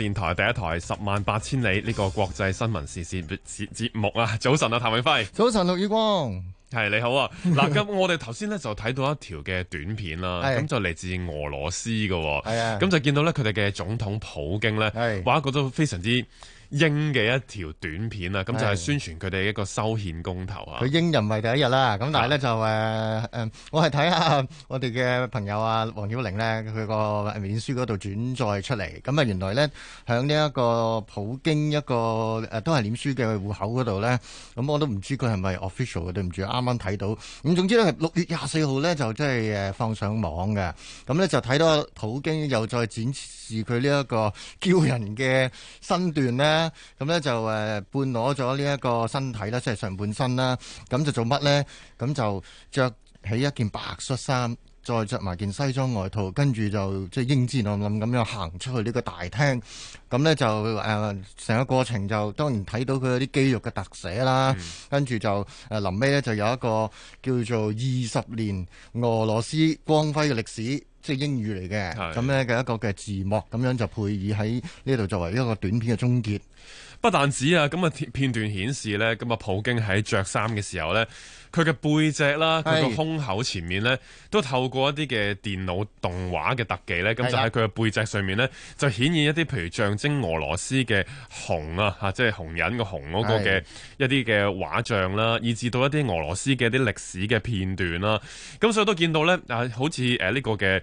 電台第一台《十萬八千里》呢個國際新聞時事節節目啊！早晨啊，譚永輝，早晨，陸宇光，係你好啊！嗱、 啊，咁我哋頭先咧就睇到一條嘅短片啦，咁就嚟自俄羅斯噶，咁就見到咧佢哋嘅總統普京咧，畫一個都非常之。英嘅一條短片啊，咁就係宣傳佢哋一個修憲公投啊。佢英人唔係第一日啦，咁但係咧就誒誒、呃、我係睇下我哋嘅朋友啊，王曉玲咧，佢個臉書嗰度轉載出嚟。咁啊，原來咧響呢一個普京一個誒、呃、都係臉書嘅戶口嗰度咧，咁我都唔知佢係咪 official 嘅，對唔住，啱啱睇到。咁總之咧，六月廿四號咧就即係誒放上網嘅。咁咧就睇到普京又再展示佢呢一個嬌人嘅身段咧。咁呢就半裸咗呢一個身體啦，即、就、係、是、上半身啦。咁就做乜呢？咁就着起一件白恤衫，再着埋件西裝外套，跟住就即英姿暗瀟咁樣行出去呢個大廳。咁呢就成、呃、個過程就當然睇到佢啲肌肉嘅特寫啦。跟、嗯、住就臨尾呢，呃、就有一個叫做二十年俄羅斯光輝嘅歷史。即係英語嚟嘅，咁咧嘅一個嘅字幕咁樣就配以喺呢度作為一個短片嘅終結。不但止啊，咁啊片段顯示咧，咁啊普京喺着衫嘅時候咧，佢嘅背脊啦，佢個胸口前面咧，都透過一啲嘅電腦動畫嘅特技咧，咁就喺佢嘅背脊上面咧，就顯現一啲譬如象徵俄羅斯嘅熊啊，嚇即係熊人紅個熊嗰個嘅一啲嘅畫像啦，以至到一啲俄羅斯嘅一啲歷史嘅片段啦。咁所以我都見到咧，啊好似誒呢個嘅。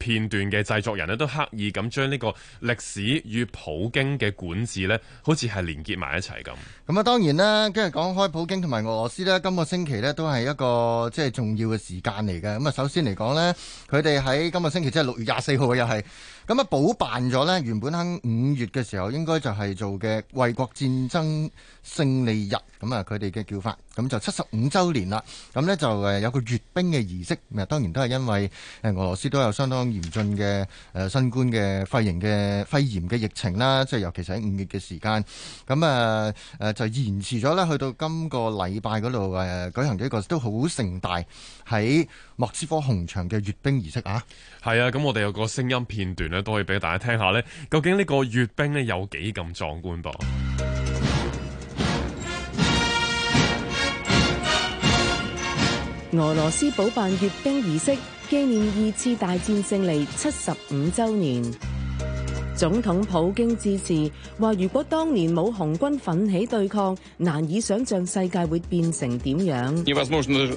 片段嘅製作人咧，都刻意咁將呢個歷史與普京嘅管治咧，好似係連結埋一齊咁。咁啊，當然啦，今日講開普京同埋俄羅斯咧，今個星期咧都係一個即係重要嘅時間嚟嘅。咁啊，首先嚟講咧，佢哋喺今個星期即係六月廿四號又係咁啊補辦咗咧，原本喺五月嘅時候應該就係做嘅衛國戰爭勝利日，咁啊佢哋嘅叫法，咁就七十五週年啦。咁咧就誒有個閱兵嘅儀式，當然都係因為誒俄羅斯都有相當。嚴峻嘅，誒，新冠嘅肺炎嘅肺炎嘅疫情啦，即係尤其是喺五月嘅時間，咁啊誒就延遲咗咧，去到今個禮拜嗰度誒舉行呢個都好盛大喺莫斯科紅場嘅閱兵儀式啊！係啊，咁我哋有個聲音片段咧，都可以俾大家聽下呢究竟呢個閱兵呢有幾咁壯觀噃？俄羅斯補辦閱兵儀式。紀念二次大戰勝利七十五周年，總統普京致辭話：說如果當年冇紅軍奮起對抗，難以想象世界會變成點樣。一九四五年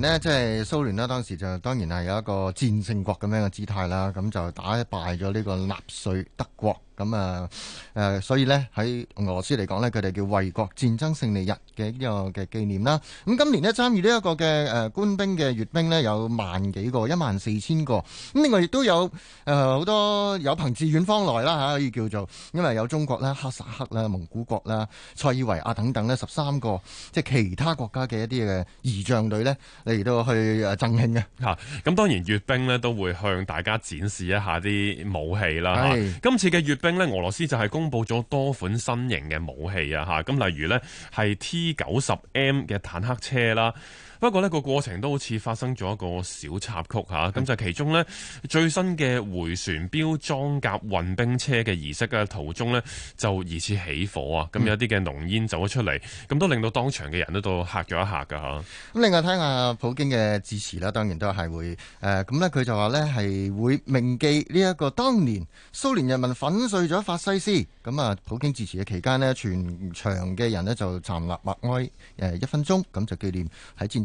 呢，即係蘇聯呢，當時就當然係有一個戰勝國咁樣嘅姿態啦，咁就打敗咗呢個納粹德國。咁、嗯、啊，誒所以咧，喺俄羅斯嚟講咧，佢哋叫衛國戰爭勝利日嘅呢個嘅紀念啦。咁今年咧，參與呢一個嘅誒官兵嘅閱兵咧，有萬幾個一萬四千個咁，另外亦都有誒好多有朋自遠方來啦吓，可以叫做因為有中國啦、哈薩克啦、蒙古國啦、塞爾維亞等等咧，十三個即係其他國家嘅一啲嘅儀仗隊咧嚟到去誒慶祝嘅嚇。咁、啊、當然閱兵咧，都會向大家展示一下啲武器啦。係、啊，今次嘅閱兵。俄羅斯就係公布咗多款新型嘅武器啊，嚇，咁例如呢，係 T90M 嘅坦克車啦。不過呢個過程都好似發生咗一個小插曲嚇，咁、嗯、就其中呢最新嘅回旋標裝甲運兵車嘅儀式嘅途中呢，就疑似起火啊，咁、嗯、有啲嘅濃煙走咗出嚟，咁都令到當場嘅人都到嚇咗一嚇噶嚇。咁、嗯、另外睇下普京嘅致辭啦，當然都係會誒，咁呢佢就話呢係會銘記呢、這、一個當年蘇聯人民粉碎咗法西斯。咁啊，普京致辭嘅期間呢，全場嘅人呢就站立默哀一分鐘，咁就紀念喺戰。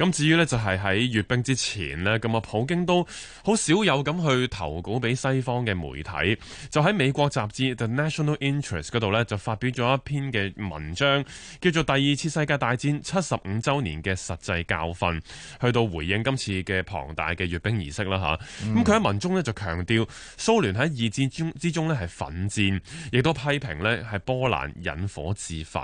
咁至於呢，就係喺閱兵之前呢。咁啊普京都好少有咁去投稿俾西方嘅媒體。就喺美國雜誌 The National Interest 嗰度呢，就發表咗一篇嘅文章，叫做《第二次世界大戰七十五週年嘅實際教訓》，去到回應今次嘅龐大嘅閱兵儀式啦吓，咁佢喺文中呢就強調蘇聯喺二戰中之中呢係奮戰，亦都批評呢係波蘭引火自焚。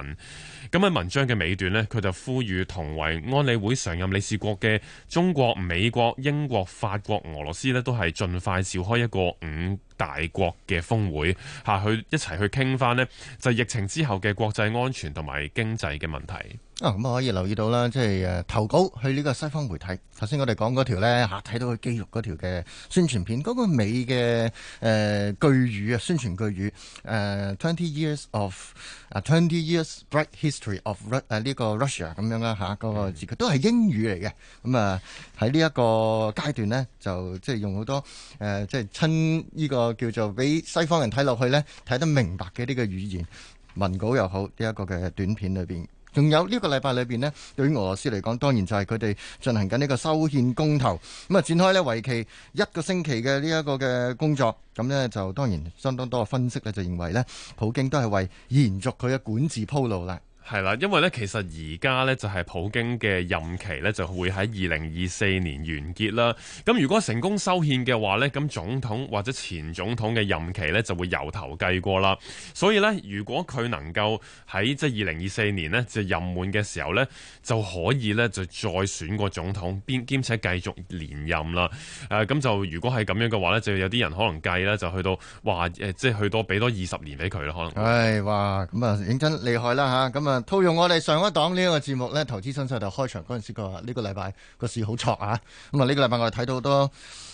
咁喺文章嘅尾段呢，佢就呼籲同為安理會常任。理事國嘅中國、美國、英國、法國、俄羅斯呢，都係盡快召開一個五大國嘅峰會吓去一齊去傾翻咧，就係、是、疫情之後嘅國際安全同埋經濟嘅問題啊！咁可以留意到啦，即係誒投稿去呢個西方媒體頭先我哋講條咧吓睇到佢肌肉條嘅宣傳片，嗰個美嘅誒句語啊，宣傳句語誒 twenty years of 啊、uh,，twenty years bright history of 誒呢、uh, 個 Russia 咁樣啦吓、啊嗰個字句、嗯、都係英語嚟嘅。咁啊喺呢一個階段咧，就即係用好多誒、呃、即係親呢個。叫做俾西方人睇落去呢，睇得明白嘅呢個語言文稿又好，呢一個嘅短片裏邊，仲有呢個禮拜裏邊呢，對於俄羅斯嚟講，當然就係佢哋進行緊呢個修憲公投，咁啊展開呢，為期一個星期嘅呢一個嘅工作，咁呢，就當然相當多嘅分析呢，就認為呢，普京都係為延續佢嘅管治鋪路啦。係啦，因為咧，其實而家咧就係、是、普京嘅任期咧就會喺二零二四年完結啦。咁如果成功修憲嘅話咧，咁總統或者前總統嘅任期咧就會由頭計過啦。所以咧，如果佢能夠喺即係二零二四年呢，就任滿嘅時候咧，就可以咧就再選過總統，兼兼且繼續連任啦。誒、呃，咁就如果係咁樣嘅話咧，就有啲人可能計呢，就去到話誒、呃，即係去到多俾多二十年俾佢啦，可能，哎。係，哇！咁啊，認真厲害啦吓，咁啊。套用我哋上一檔呢一個節目呢，投資新世代就開場嗰陣時，佢呢個禮拜、這個市好挫啊！咁啊，呢個禮拜我哋睇到好多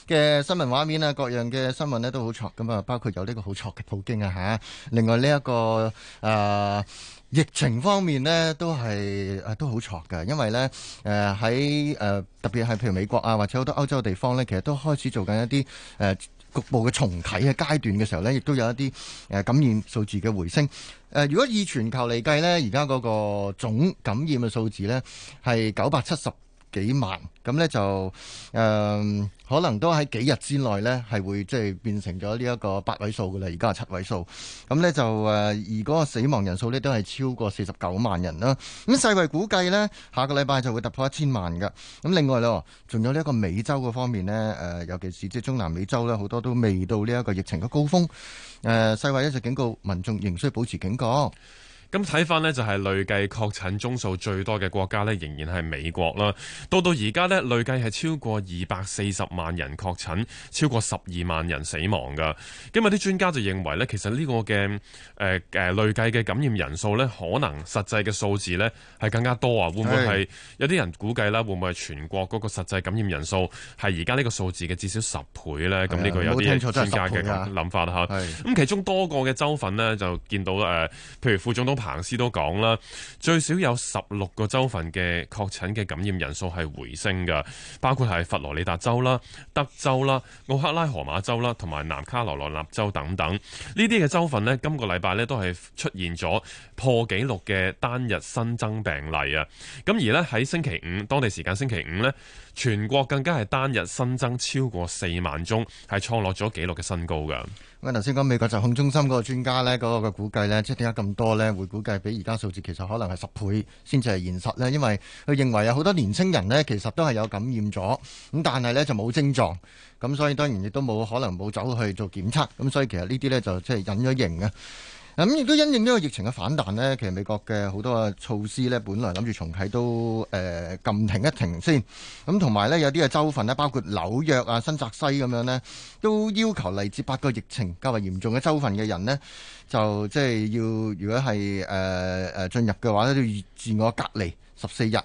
嘅新聞畫面啊，各樣嘅新聞呢都好挫。咁啊，包括有呢個好挫嘅普京啊吓。另外呢、這、一個誒、呃、疫情方面呢，都係誒都好挫嘅，因為呢誒喺誒特別係譬如美國啊，或者好多歐洲地方呢，其實都開始做緊一啲誒。呃局部嘅重啟嘅階段嘅時候呢，亦都有一啲誒感染數字嘅回升。誒、呃，如果以全球嚟計呢，而家嗰個總感染嘅數字呢，係九百七十幾萬咁呢就誒、呃，可能都喺幾日之內呢，係會即係、就是、變成咗呢一個八位數噶啦，而家係七位數。咁呢就誒，而個死亡人數呢，都係超過四十九萬人啦。咁世衛估計呢，下個禮拜就會突破一千萬噶。咁另外咯，仲有呢一個美洲嘅方面呢，誒、呃，尤其是即係中南美洲呢，好多都未到呢一個疫情嘅高峰。誒、呃，世衛一直警告民眾仍需保持警覺。咁睇翻呢，就係、是、累計確診宗數最多嘅國家呢，仍然係美國啦。到到而家呢，累計係超過二百四十萬人確診，超過十二萬人死亡㗎。咁有啲專家就認為呢，其實呢個嘅、呃、累計嘅感染人數呢，可能實際嘅數字呢係更加多啊！會唔會係有啲人估計啦？會唔會係全國嗰個實際感染人數係而家呢個數字嘅至少十倍呢？咁呢個有啲專家嘅諗法嚇。咁、啊、其中多個嘅州份呢就見到、呃、譬如副總統。彭斯都講啦，最少有十六個州份嘅確診嘅感染人數係回升㗎，包括係佛羅里達州啦、德州啦、奧克拉荷馬州啦，同埋南卡羅萊納州等等。呢啲嘅州份呢，今個禮拜呢都係出現咗破紀錄嘅單日新增病例啊！咁而呢，喺星期五當地時間星期五呢。全國更加係單日新增超過四萬宗，係創落咗紀錄嘅新高噶。我頭先講美國疾控中心嗰個專家呢，嗰個嘅估計呢，即係點解咁多呢？會估計比而家數字其實可能係十倍先至係現實呢？因為佢認為有好多年青人呢，其實都係有感染咗，咁但係呢就冇症狀，咁所以當然亦都冇可能冇走去做檢測，咁所以其實呢啲呢，就即係隱咗形嘅。咁亦都因應呢個疫情嘅反彈呢，其實美國嘅好多嘅措施呢，本來諗住重啟都誒、呃、禁停一停先。咁同埋呢，有啲嘅州份呢，包括紐約啊、新澤西咁樣呢，都要求嚟自八個疫情較為嚴重嘅州份嘅人呢，就即係要如果係誒誒進入嘅話都要自我隔離十四日。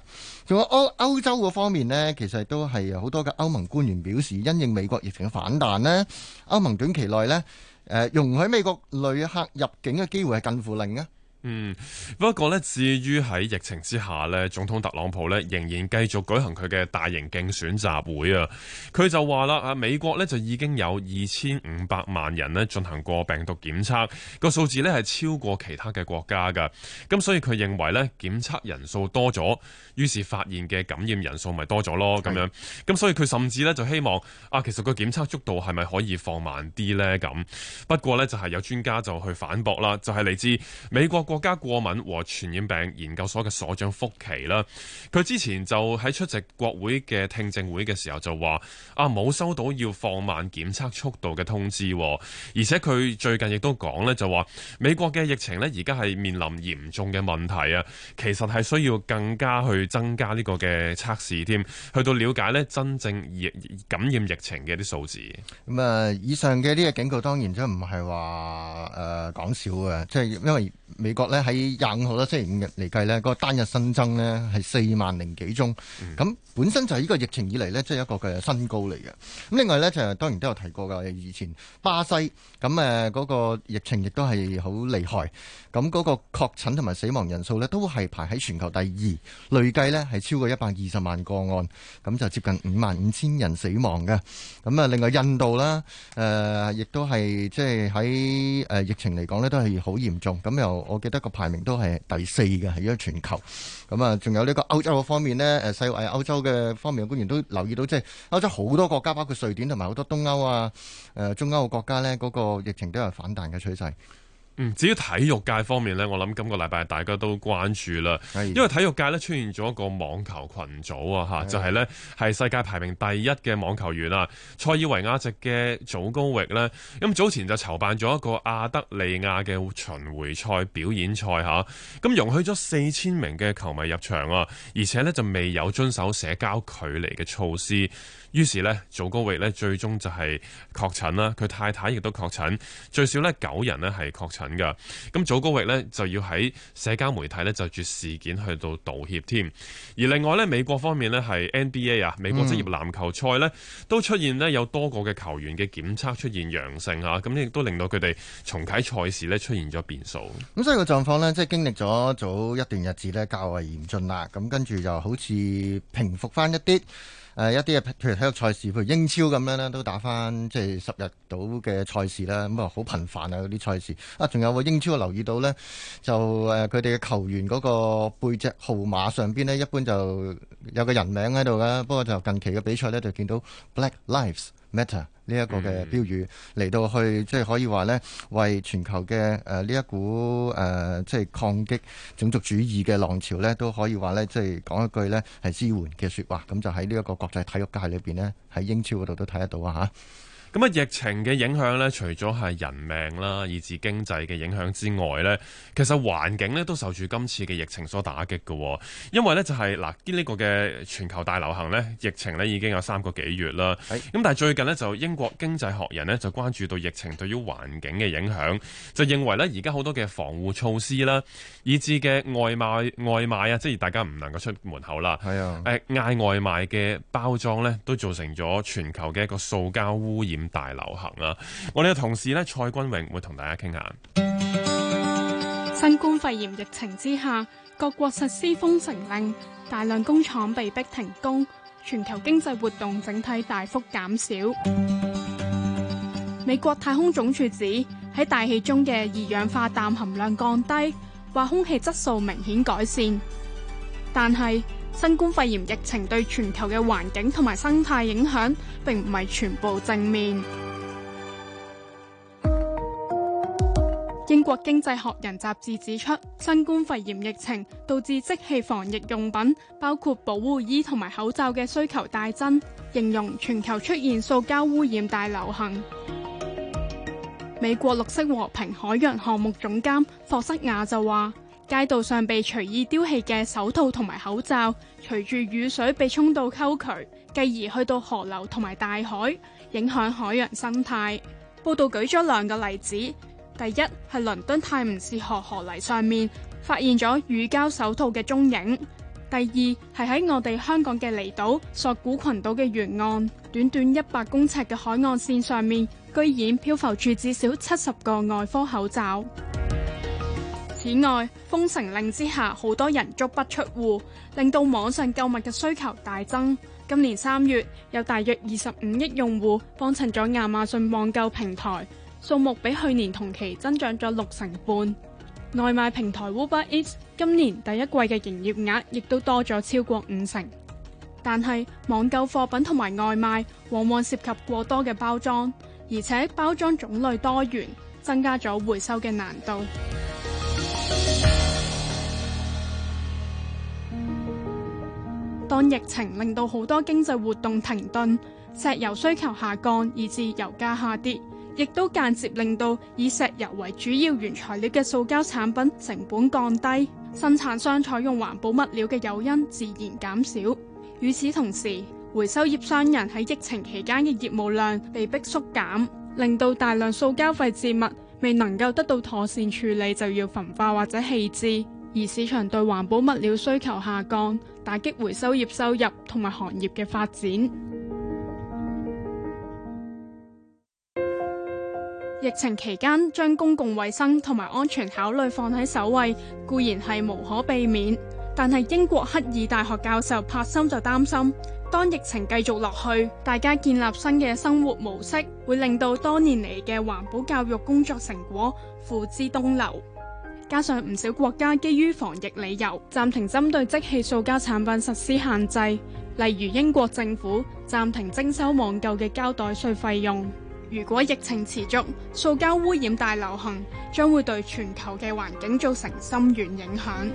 仲有歐，歐洲嗰方面呢，其實都係好多嘅歐盟官員表示，因應美國疫情嘅反彈呢歐盟短期內呢。誒容許美國旅客入境嘅機會係近乎零嘅。嗯，不過呢至於喺疫情之下咧，總統特朗普呢仍然繼續舉行佢嘅大型競選集會啊。佢就話啦啊，美國咧就已經有二千五百萬人咧進行過病毒檢測，個數字咧係超過其他嘅國家噶。咁所以佢認為咧，檢測人數多咗，於是發現嘅感染人數咪多咗咯咁樣。咁所以佢甚至咧就希望啊，其實個檢測速度係咪可以放慢啲呢？咁，不過呢就係有專家就去反駁啦，就係嚟自美國國。國家過敏和傳染病研究所嘅所長福奇啦，佢之前就喺出席國會嘅聽證會嘅時候就話啊，冇收到要放慢檢測速度嘅通知，而且佢最近亦都講咧就話美國嘅疫情呢，而家係面臨嚴重嘅問題啊，其實係需要更加去增加呢個嘅測試添，去到了解呢真正疫感染疫情嘅啲數字。咁啊，以上嘅呢個警告當然真唔係話誒講笑嘅，即係因為美國。咧喺廿五號啦，星期五日嚟計呢，嗰、那個、單日新增呢係四萬零幾宗。咁本身就係呢個疫情以嚟呢，即、就、係、是、一個嘅新高嚟嘅。咁另外呢，就當然都有提過㗎，以前巴西咁誒嗰個疫情亦都係好厲害。咁嗰個確診同埋死亡人數呢，都係排喺全球第二，累計呢係超過一百二十萬個案，咁就接近五萬五千人死亡嘅。咁啊，另外印度啦，誒、呃、亦都係即係喺誒疫情嚟講呢，都係好嚴重。咁又。我記得個排名都係第四嘅喺咗全球，咁啊，仲有呢個歐洲嘅方面呢，誒，世衞歐洲嘅方面嘅官員都留意到，即係歐洲好多國家，包括瑞典同埋好多東歐啊、誒中歐嘅國家呢，嗰個疫情都有反彈嘅趨勢。嗯，至於體育界方面呢，我諗今個禮拜大家都關注啦，因為體育界咧，出現咗一個網球群組啊，就係呢係世界排名第一嘅網球員啊，塞爾維亞籍嘅早高域呢，咁早前就籌辦咗一個亞德利亞嘅巡回賽表演賽嚇，咁容許咗四千名嘅球迷入場啊，而且呢就未有遵守社交距離嘅措施。於是呢，祖高域呢最終就係確診啦。佢太太亦都確診，最少呢九人呢係確診㗎。咁祖高域呢就要喺社交媒體呢就住事件去到道歉添。而另外呢，美國方面呢係 NBA 啊，美國職業籃球賽呢、嗯、都出現呢有多個嘅球員嘅檢測出現陽性啊。咁亦都令到佢哋重啟賽事呢出現咗變數。咁所以個狀況呢，即係經歷咗早一段日子呢較為嚴峻啦，咁跟住就好似平復翻一啲。誒、呃、一啲譬如體育賽事，譬如英超咁樣呢都打翻即係十日到嘅賽事啦。咁啊，好頻繁啊嗰啲賽事。賽事啊，仲有個英超留意到呢，就誒佢哋嘅球員嗰個背脊號碼上邊呢，一般就有個人名喺度㗎。不過就近期嘅比賽呢，就見到 Black Lives。Meta 呢一個嘅標語嚟、嗯、到去，即、就、係、是、可以話呢，為全球嘅誒呢一股誒即係抗擊種族主義嘅浪潮呢，都可以話呢，即係講一句呢係支援嘅説話。咁就喺呢一個國際體育界裏邊呢，喺英超嗰度都睇得到啊！嚇。咁啊！疫情嘅影響咧，除咗係人命啦，以至經濟嘅影響之外咧，其實環境咧都受住今次嘅疫情所打擊嘅、哦。因為咧就係、是、嗱，呢、這個嘅全球大流行咧，疫情咧已經有三個幾月啦。咁但係最近咧，就英國經濟學人咧就關注到疫情對於環境嘅影響，就認為咧而家好多嘅防護措施啦，以致嘅外賣外賣啊，即係大家唔能夠出門口啦。係啊，誒、呃、嗌外賣嘅包裝咧，都造成咗全球嘅一個塑膠污染。大流行啦！我哋嘅同事咧蔡君穎會同大家傾下。新冠肺炎疫情之下，各國實施封城令，大量工廠被逼停工，全球經濟活動整體大幅減少。美國太空總署指喺大氣中嘅二氧化氮含量降低，話空氣質素明顯改善，但係，新冠肺炎疫情對全球嘅環境同埋生態影響，並唔係全部正面。英國經濟學人雜誌指出，新冠肺炎疫情導致即棄防疫用品，包括保護衣同埋口罩嘅需求大增，形容全球出現塑膠污染大流行。美國綠色和平海洋項目總監霍塞亞就話。街道上被隨意丟棄嘅手套同埋口罩，隨住雨水被沖到溝渠，繼而去到河流同埋大海，影響海洋生態。報道舉咗兩個例子：第一係倫敦泰晤士河河泥上面發現咗乳膠手套嘅蹤影；第二係喺我哋香港嘅離島索罟群島嘅沿岸，短短一百公尺嘅海岸線上面，居然漂浮住至少七十個外科口罩。此外，封城令之下，好多人足不出戶，令到網上購物嘅需求大增。今年三月，有大約二十五億用戶幫襯咗亞馬遜網購平台，數目比去年同期增長咗六成半。外賣平台 Uber Eats，今年第一季嘅營業額亦都多咗超過五成。但係網購貨品同埋外賣往往涉及過多嘅包裝，而且包裝種類多元，增加咗回收嘅難度。當疫情令到好多經濟活動停頓，石油需求下降，以至油價下跌，亦都間接令到以石油為主要原材料嘅塑膠產品成本降低，生產商採用環保物料嘅誘因自然減少。與此同時，回收業商人喺疫情期間嘅業務量被迫縮減，令到大量塑膠廢置物未能夠得到妥善處理，就要焚化或者棄置。而市場對環保物料需求下降，打擊回收業收入同埋行業嘅發展。 疫情期間將公共衛生同埋安全考慮放喺首位，固然係無可避免。但係英國赫爾大學教授帕森就擔心，當疫情繼續落去，大家建立新嘅生活模式，會令到多年嚟嘅環保教育工作成果付之東流。加上唔少國家基於防疫理由，暫停針對即棄塑膠產品實施限制，例如英國政府暫停徵收網購嘅膠袋稅費用。如果疫情持續，塑膠污染大流行，將會對全球嘅環境造成深遠影響。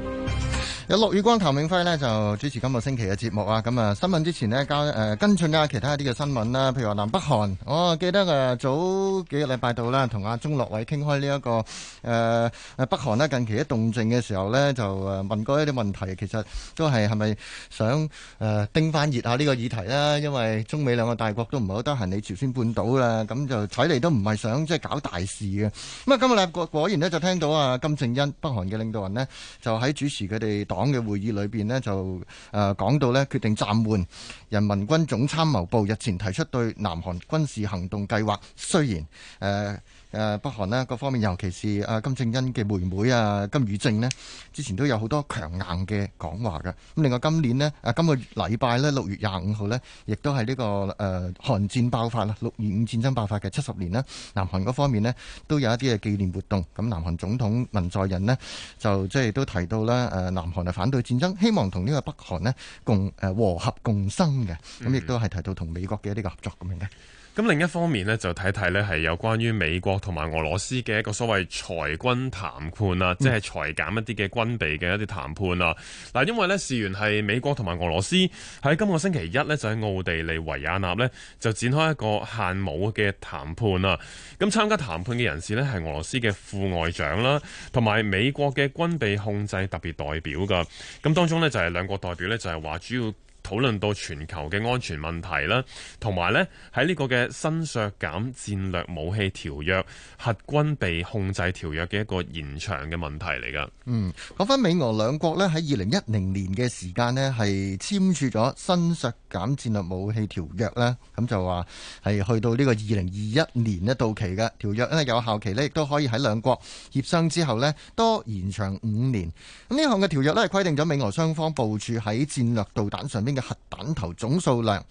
有陸宇光，譚永輝咧就主持今個星期嘅節目啊。咁啊，新聞之前咧交誒、呃、跟進下其他一啲嘅新聞啦。譬如話南北韓，我記得誒、呃、早幾個禮拜度啦，同阿鍾樂偉傾開呢一個誒誒、呃、北韓咧近期一動靜嘅時候咧，就誒問過一啲問題，其實都係係咪想誒叮翻熱下呢個議題啦，因為中美兩個大國都唔係好得閒理朝鮮半島啦，咁、嗯。就睇嚟都唔係想即係搞大事嘅。咁啊，今日果然就聽到啊金正恩北韓嘅領導人呢，就喺主持佢哋黨嘅會議裏面呢，就誒講到呢，決定暫緩人民軍總參謀部日前提出對南韓軍事行動計劃。雖然誒。呃誒北韓咧各方面，尤其是阿金正恩嘅妹妹啊金與正咧，之前都有好多強硬嘅講話嘅。咁另外今年咧，啊今個禮拜咧六月廿五號呢，亦都係呢個誒韓戰爆發啦，六二五戰爭爆發嘅七十年啦。南韓嗰方面呢，都有一啲嘅紀念活動。咁南韓總統文在寅呢，就即係都提到啦，誒南韓係反對戰爭，希望同呢個北韓呢共誒和合共生嘅。咁亦都係提到同美國嘅呢個合作咁樣嘅。咁另一方面呢，就睇睇呢，係有關於美國同埋俄羅斯嘅一個所謂裁軍談判啊，嗯、即係裁減一啲嘅軍備嘅一啲談判啊。嗱，因為呢，事源係美國同埋俄羅斯喺今個星期一呢，就喺奧地利維也納呢，就展開一個限武嘅談判啊。咁參加談判嘅人士呢，係俄羅斯嘅副外長啦、啊，同埋美國嘅軍備控制特別代表噶。咁當中呢，就係、是、兩國代表呢，就係、是、話主要。討論到全球嘅安全問題啦，同埋呢喺呢個嘅新削減戰略武器條約、核軍備控制條約嘅一個延長嘅問題嚟㗎。嗯，講返美俄兩國呢，喺二零一零年嘅時間呢，係簽署咗新削減戰略武器條約啦，咁就話係去到呢個二零二一年呢到期嘅條約呢有效期呢，亦都可以喺兩國協商之後呢，多延長五年。咁呢項嘅條約呢，係規定咗美俄雙方部署喺戰略導彈上面。嘅核彈頭總數量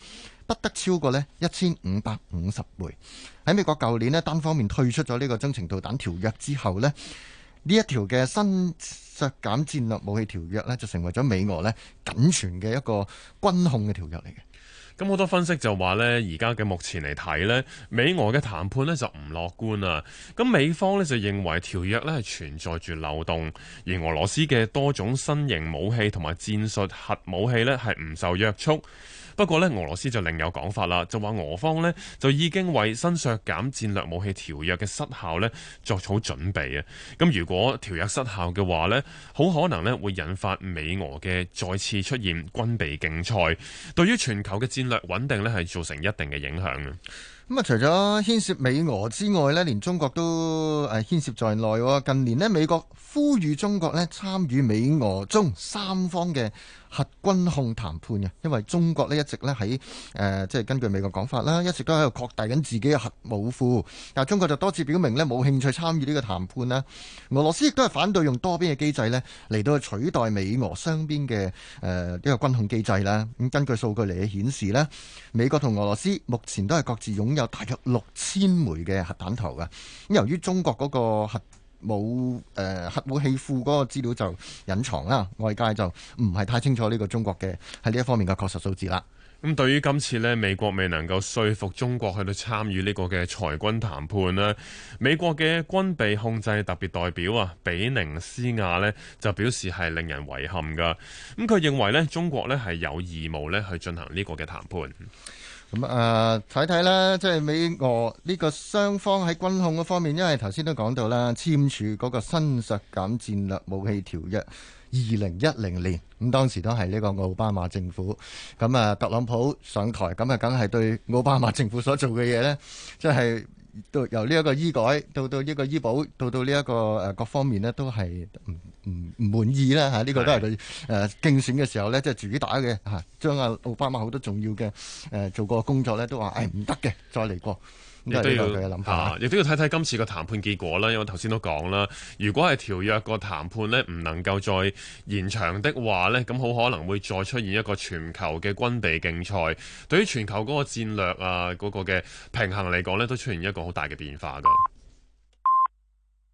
不得超過咧一千五百五十枚。喺美國舊年咧單方面退出咗呢個中程導彈條約之後咧，呢一條嘅新削減戰略武器條約呢，就成為咗美俄咧僅存嘅一個軍控嘅條約嚟嘅。咁好多分析就話呢，而家嘅目前嚟睇呢，美俄嘅談判呢就唔樂觀啦。咁美方呢就認為條約呢係存在住漏洞，而俄羅斯嘅多種新型武器同埋戰術核武器呢係唔受約束。不過呢俄羅斯就另有講法啦，就話俄方呢就已經為新削減戰略武器條約嘅失效呢作好準備啊！咁如果條約失效嘅話呢，好可能呢會引發美俄嘅再次出現軍備競賽，對於全球嘅戰略穩定呢係造成一定嘅影響。咁啊，除咗牽涉美俄之外咧，連中國都誒牽涉在內，近年咧，美國呼籲中國咧參與美俄中三方嘅核軍控談判啊，因為中國咧一直咧喺誒，即係根據美國講法啦，一直都喺度擴大緊自己嘅核武庫，但係中國就多次表明咧冇興趣參與呢個談判啦。俄羅斯亦都係反對用多邊嘅機制咧嚟到取代美俄雙邊嘅誒呢個軍控機制啦。咁根據數據嚟顯示咧，美國同俄羅斯目前都係各自擁。有大約六千枚嘅核彈頭噶，咁由於中國嗰個核武誒、呃、核武器庫嗰個資料就隱藏啦，外界就唔係太清楚呢個中國嘅喺呢一方面嘅確實數字啦。咁對於今次呢，美國未能夠說服中國去到參與呢個嘅裁軍談判呢，美國嘅軍備控制特別代表啊比寧斯亞呢就表示係令人遺憾噶。咁佢認為呢，中國咧，係有義務咧去進行呢個嘅談判。咁啊睇睇啦，即係美俄呢個雙方喺軍控嗰方面，因為頭先都講到啦，簽署嗰個新削減戰略武器條約，二零一零年，咁當時都係呢個奧巴馬政府，咁啊特朗普上台，咁啊梗係對奧巴馬政府所做嘅嘢呢，即係。到由呢一個醫改到到呢個醫保到到呢一個誒各方面咧都係唔唔唔滿意啦嚇，呢、啊呢個都係佢誒競選嘅時候呢，即係主打嘅嚇，將、啊、阿奧巴馬好多重要嘅誒、啊、做過工作呢，都話唉，唔得嘅，再嚟過。亦都要諗下，亦、啊、都要睇睇今次個談判結果啦。因為頭先都講啦，如果係條約個談判呢，唔能夠再延長的話呢，咁好可能會再出現一個全球嘅軍備競賽。對於全球嗰個戰略啊嗰、那個嘅平衡嚟講呢，都出現一個好大嘅變化㗎。